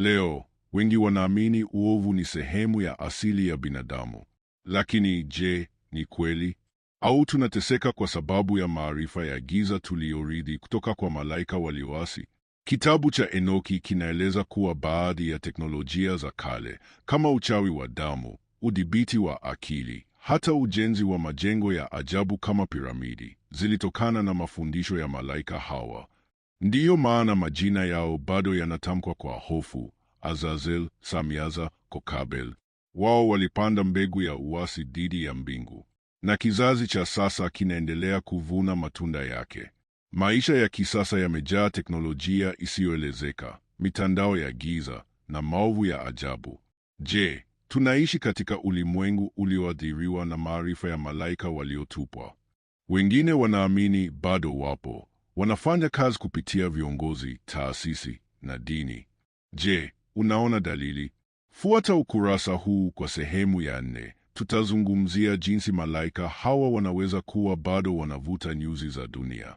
Leo wengi wanaamini uovu ni sehemu ya asili ya binadamu, lakini je, ni kweli? Au tunateseka kwa sababu ya maarifa ya giza tuliyorithi kutoka kwa malaika walioasi? Kitabu cha Enoki kinaeleza kuwa baadhi ya teknolojia za kale kama uchawi wa damu, udhibiti wa akili, hata ujenzi wa majengo ya ajabu kama piramidi zilitokana na mafundisho ya malaika hawa Ndiyo maana majina yao bado yanatamkwa kwa hofu: Azazel, Samyaza, Kokabel. Wao walipanda mbegu ya uasi dhidi ya mbingu, na kizazi cha sasa kinaendelea kuvuna matunda yake. Maisha ya kisasa yamejaa teknolojia isiyoelezeka, mitandao ya giza na maovu ya ajabu. Je, tunaishi katika ulimwengu ulioathiriwa na maarifa ya malaika waliotupwa? Wengine wanaamini bado wapo, wanafanya kazi kupitia viongozi, taasisi na dini. Je, unaona dalili? Fuata ukurasa huu kwa sehemu ya nne. Tutazungumzia jinsi malaika hawa wanaweza kuwa bado wanavuta nyuzi za dunia.